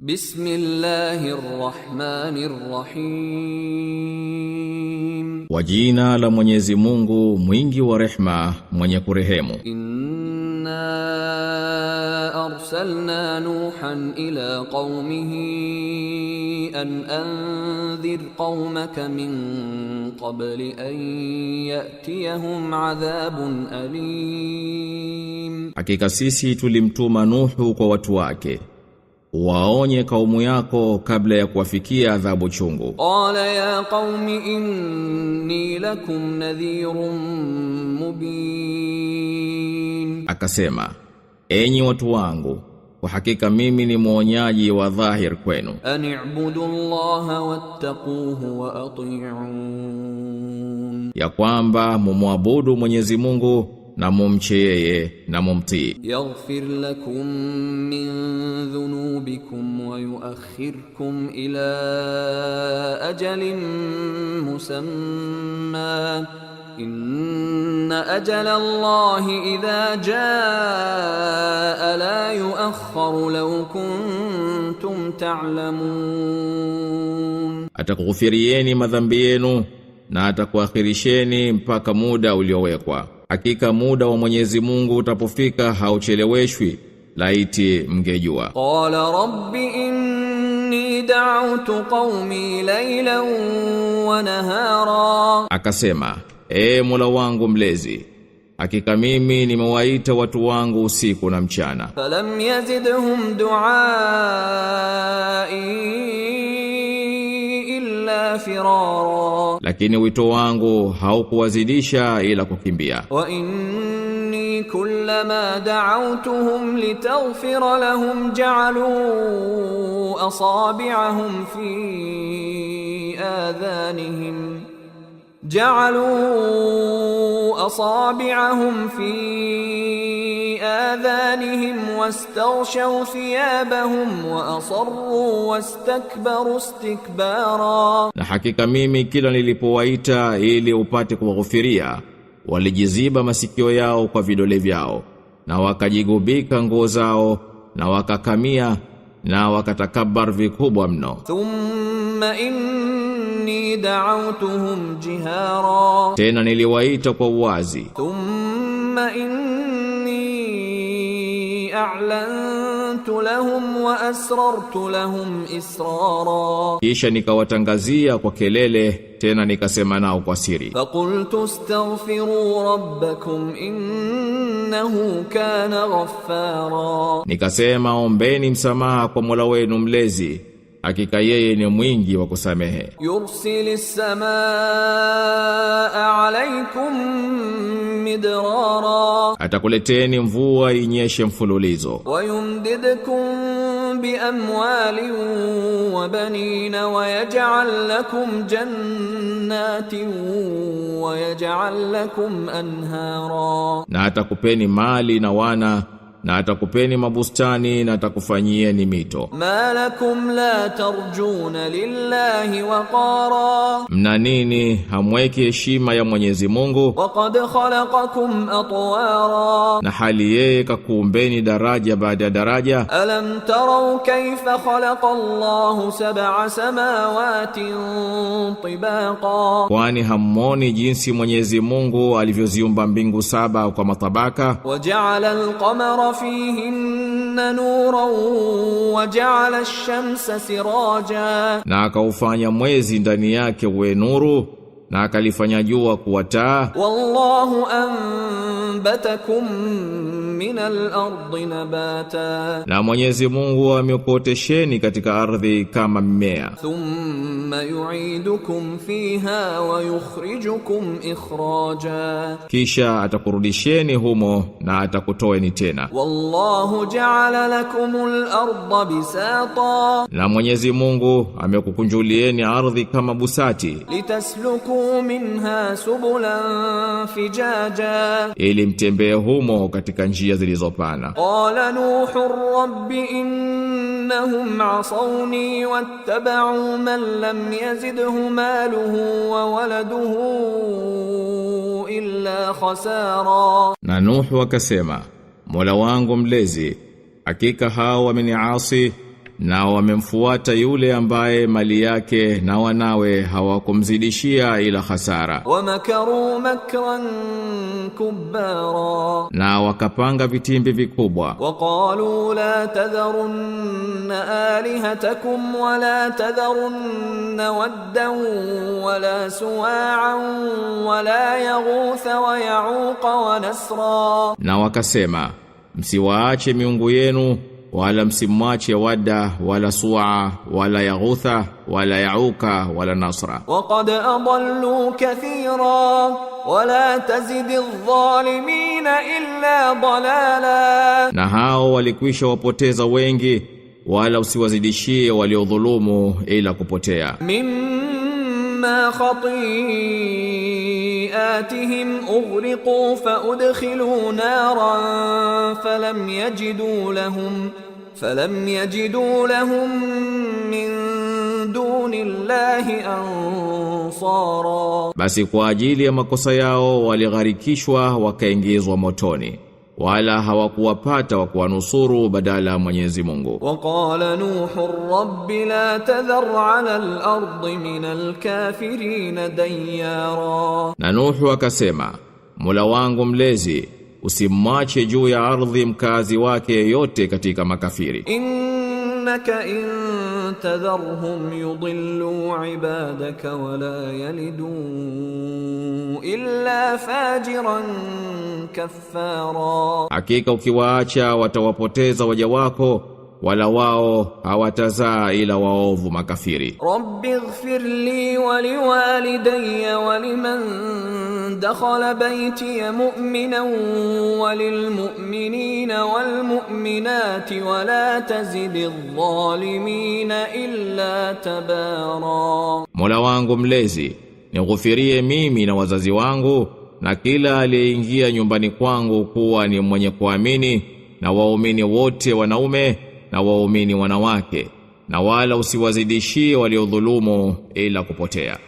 Bismillahir Kwa jina la Mwenyezi Mungu mwingi wa rehma mwenye kurehemu. Inna arsalna Nuhan ila qaumihi an anzir qaumaka min qabli an yatiyahum adhabun alim. Hakika sisi tulimtuma Nuhu kwa watu wake waonye kaumu yako kabla ya kuwafikia adhabu chungu. Qala ya qaumi inni lakum nadhirun mubin, akasema enyi watu wangu, kwa hakika mimi ni mwonyaji wa dhahir kwenu. Ani'budu Allaha wattaquhu wa ati'un, ya kwamba mumwabudu Mwenyezi Mungu na mumche yeye na mumtii. Yaghfir lakum min dhunubikum wa yuakhirkum ila ajalin musamma inna ajala Allahi idha jaa la yuakhkharu law kuntum ta'lamun, atakughufirieni madhambi yenu na atakuakhirisheni mpaka muda uliowekwa Hakika muda wa Mwenyezi Mungu utapofika haucheleweshwi, laiti mngejua. Qala rabbi inni da'utu qaumi laylan wa nahara, akasema e Mola wangu mlezi Hakika mimi nimewaita watu wangu usiku na mchana. Falam yazidhum duai illa firara, lakini wito wangu haukuwazidisha ila kukimbia wa inni kullama da'awtuhum litaghfira lahum ja'alu asabi'ahum fi adhanihim ja'alu asabi'ahum fi آذانهم واستغشوا ثيابهم وأصروا واستكبروا استكبارا na hakika mimi kila nilipowaita ili upate kuwaghufiria walijiziba masikio yao kwa vidole vyao na wakajigubika nguo zao na wakakamia na wakatakabar vikubwa mno thumma inni da'awtuhum jihara tena niliwaita kwa uwazi thumma inni a'lantu lahum wa asrartu lahum israra, kisha nikawatangazia kwa kelele tena nikasema nao kwa siri. Faqultu astaghfiru rabbakum innahu kana ghaffara, nikasema ombeni msamaha kwa Mola wenu mlezi hakika yeye ni mwingi wa kusamehe. yursilis samaa alaykum midrara, atakuleteni mvua inyeshe mfululizo. wa bi biamwalin wa banin wa yaj'al lakum jannatin wa yaj'al lakum anhara, na atakupeni mali na wana na atakupeni mabustani na atakufanyia ni mito. Malakum la tarjuna lillahi waqara, mna nini hamweki heshima ya Mwenyezi Mungu? Waqad khalaqakum atwara, na hali yeye kakuumbeni daraja baada ya daraja. Alam tarau kayfa khalaqa Allahu sab'a samawati tibaqa, kwani hammoni jinsi Mwenyezi Mungu alivyoziumba mbingu saba kwa matabaka. Wajaala alqamara fihinna nuran wa ja'ala ash-shamsa siraja, na akaufanya mwezi ndani yake uwe nuru na akalifanya jua kuwa taa. Wallahu anbatakum min al ard nabata, na Mwenyezi Mungu amekuotesheni katika ardhi kama mmea. Thumma yu'idukum fiha wa yukhrijukum ikhraja, kisha atakurudisheni humo na atakutoeni tena. Wallahu ja'ala lakum al ard bisata, na Mwenyezi Mungu amekukunjulieni ardhi kama busati litasluku منها سبلا فجاجا ilimtembea humo katika njia zilizopana qala nuhu rabbi innahum asawni wattaba'u man lam yazidhu maluhu wa waladuhu illa khasara na nuhu wakasema Mula wangu mlezi Akika hawa hao wameniasi na wamemfuata yule ambaye mali yake na wanawe hawakumzidishia ila hasara. Wamakaru makran kubara na wakapanga vitimbi vikubwa. Waqalu la tadharunna alihatakum wa la tadharunna waddan wa la suwa'an wa la wa ya'uq wa nasra, na wakasema msiwaache miungu yenu wala msimwache Wada wala Sua wala Yaghutha wala Yauka wala Nasra. waqad adallu kathira wala tazidi adh dhalimin illa dalala, na hao walikwisha wapoteza wengi, wala usiwazidishie waliodhulumu ila kupotea Mim مما خطيئاتهم اغرقوا فادخلوا نارا فلم يجدوا لهم فلم يجدوا لهم من دون الله انصارا بس kwa ajili ya makosa yao waligharikishwa wakaingizwa motoni wala hawakuwapata wa kuwanusuru badala ya Mwenyezi Mungu. Waqala Nuhu rabbi la tadhar ala al ard min al-kafirin dayyara, na Nuhu akasema Mola wangu mlezi usimwache juu ya ardhi mkazi wake yeyote katika makafiri. Innaka in تذرهم يضلوا عبادك ولا يلدوا إلا فاجرا كفارا hakika ukiwaacha watawapoteza waja wako wala wao hawatazaa ila waovu makafiri. Rabbi ighfir li wa liwalidayya wa liman dakhala bayti mu'minan wa lilmu'minina wal mu'minati wa la tazidi dhalimina illa tabara, Mola wangu mlezi nighufirie mimi na wazazi wangu na kila aliyeingia nyumbani kwangu kuwa ni mwenye kuamini na waumini wote wanaume na waumini wanawake na wala usiwazidishie waliodhulumu ila kupotea